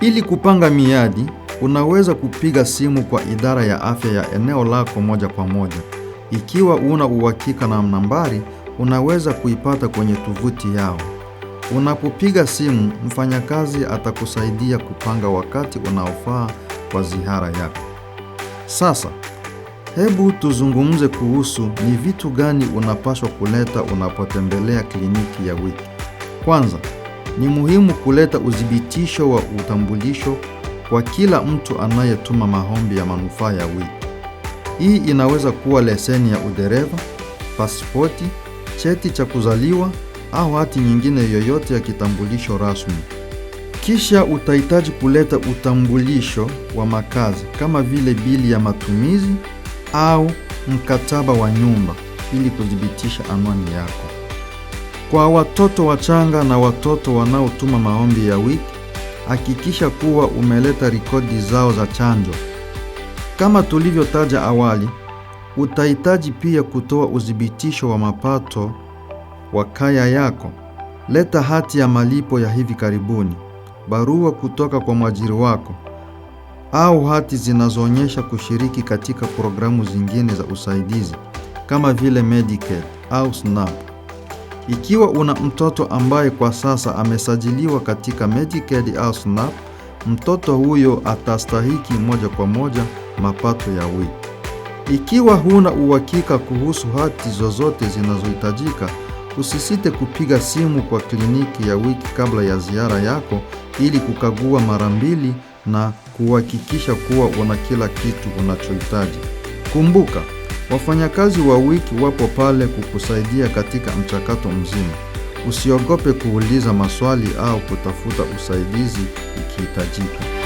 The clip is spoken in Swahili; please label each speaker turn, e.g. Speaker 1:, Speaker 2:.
Speaker 1: Ili kupanga miadi, unaweza kupiga simu kwa idara ya afya ya eneo lako moja kwa moja. Ikiwa una uhakika na nambari, unaweza kuipata kwenye tovuti yao. Unapopiga simu, mfanyakazi atakusaidia kupanga wakati unaofaa kwa ziara yako. Sasa, hebu tuzungumze kuhusu ni vitu gani unapaswa kuleta unapotembelea kliniki ya wiki. Kwanza, ni muhimu kuleta uthibitisho wa utambulisho kwa kila mtu anayetuma maombi ya manufaa ya wito. Hii inaweza kuwa leseni ya udereva, pasipoti, cheti cha kuzaliwa au hati nyingine yoyote ya kitambulisho rasmi. Kisha utahitaji kuleta utambulisho wa makazi kama vile bili ya matumizi au mkataba wa nyumba ili kuthibitisha anwani yako. Kwa watoto wachanga na watoto wanaotuma maombi ya wiki, hakikisha kuwa umeleta rekodi zao za chanjo. Kama tulivyotaja awali, utahitaji pia kutoa udhibitisho wa mapato wa kaya yako. Leta hati ya malipo ya hivi karibuni, barua kutoka kwa mwajiri wako, au hati zinazoonyesha kushiriki katika programu zingine za usaidizi kama vile Medicare au SNAP. Ikiwa una mtoto ambaye kwa sasa amesajiliwa katika Medicaid au SNAP, mtoto huyo atastahiki moja kwa moja mapato ya WIC. Ikiwa huna uhakika kuhusu hati zozote zinazohitajika, usisite kupiga simu kwa kliniki ya WIC kabla ya ziara yako ili kukagua mara mbili na kuhakikisha kuwa una kila kitu unachohitaji. Kumbuka, Wafanyakazi wa wiki wapo pale kukusaidia katika mchakato mzima. Usiogope kuuliza maswali au kutafuta usaidizi ikihitajika.